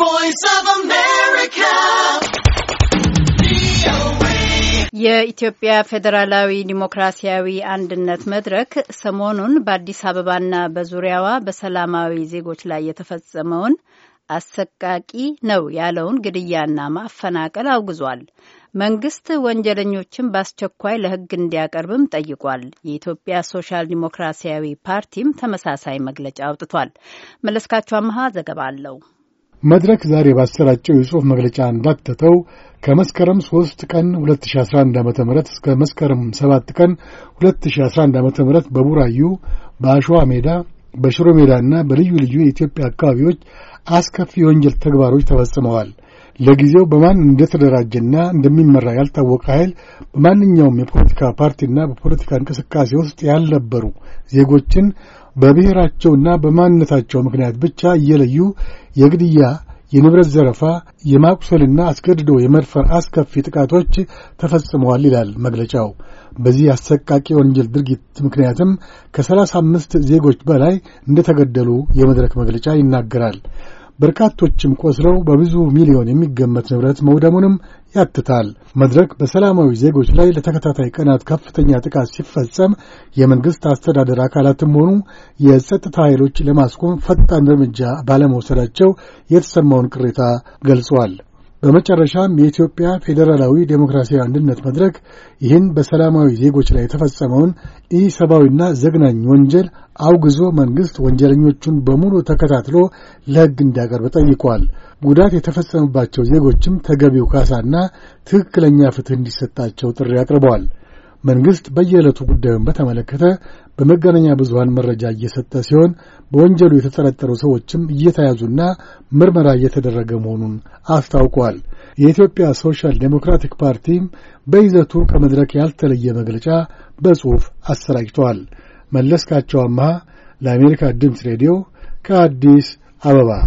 voice of America. የኢትዮጵያ ፌዴራላዊ ዲሞክራሲያዊ አንድነት መድረክ ሰሞኑን በአዲስ አበባና በዙሪያዋ በሰላማዊ ዜጎች ላይ የተፈጸመውን አሰቃቂ ነው ያለውን ግድያና ማፈናቀል አውግዟል። መንግስት ወንጀለኞችን በአስቸኳይ ለሕግ እንዲያቀርብም ጠይቋል። የኢትዮጵያ ሶሻል ዲሞክራሲያዊ ፓርቲም ተመሳሳይ መግለጫ አውጥቷል። መለስካቸው አመሃ ዘገባ አለው። መድረክ ዛሬ ባሰራጨው የጽሑፍ መግለጫ እንዳተተው ከመስከረም 3 ቀን 2011 ዓ ም እስከ መስከረም 7 ቀን 2011 ዓ ም በቡራዩ በአሸዋ ሜዳ በሽሮ ሜዳና በልዩ ልዩ የኢትዮጵያ አካባቢዎች አስከፊ የወንጀል ተግባሮች ተፈጽመዋል ለጊዜው በማን እንደተደራጀና እንደሚመራ ያልታወቀ ኃይል በማንኛውም የፖለቲካ ፓርቲና በፖለቲካ እንቅስቃሴ ውስጥ ያልነበሩ ዜጎችን በብሔራቸውና በማንነታቸው ምክንያት ብቻ እየለዩ የግድያ የንብረት ዘረፋ፣ የማቁሰልና አስገድዶ የመድፈር አስከፊ ጥቃቶች ተፈጽመዋል ይላል መግለጫው። በዚህ አሰቃቂ ወንጀል ድርጊት ምክንያትም ከሰላሳ አምስት ዜጎች በላይ እንደተገደሉ የመድረክ መግለጫ ይናገራል። በርካቶችም ቆስለው በብዙ ሚሊዮን የሚገመት ንብረት መውደሙንም ያትታል። መድረክ በሰላማዊ ዜጎች ላይ ለተከታታይ ቀናት ከፍተኛ ጥቃት ሲፈጸም የመንግሥት አስተዳደር አካላትም ሆኑ የጸጥታ ኃይሎች ለማስቆም ፈጣን እርምጃ ባለመውሰዳቸው የተሰማውን ቅሬታ ገልጿል። በመጨረሻም የኢትዮጵያ ፌዴራላዊ ዴሞክራሲያዊ አንድነት መድረክ ይህን በሰላማዊ ዜጎች ላይ የተፈጸመውን ኢሰብአዊና ዘግናኝ ወንጀል አውግዞ መንግሥት ወንጀለኞቹን በሙሉ ተከታትሎ ለሕግ እንዲያቀርብ ጠይቋል። ጉዳት የተፈጸመባቸው ዜጎችም ተገቢው ካሳና ትክክለኛ ፍትሕ እንዲሰጣቸው ጥሪ አቅርበዋል። መንግሥት በየዕለቱ ጉዳዩን በተመለከተ በመገናኛ ብዙሀን መረጃ እየሰጠ ሲሆን በወንጀሉ የተጠረጠሩ ሰዎችም እየተያዙና ምርመራ እየተደረገ መሆኑን አስታውቋል። የኢትዮጵያ ሶሻል ዴሞክራቲክ ፓርቲም በይዘቱ ከመድረክ ያልተለየ መግለጫ በጽሑፍ አሰራጭተዋል። መለስካቸው አምሃ ለአሜሪካ ድምፅ ሬዲዮ ከአዲስ አበባ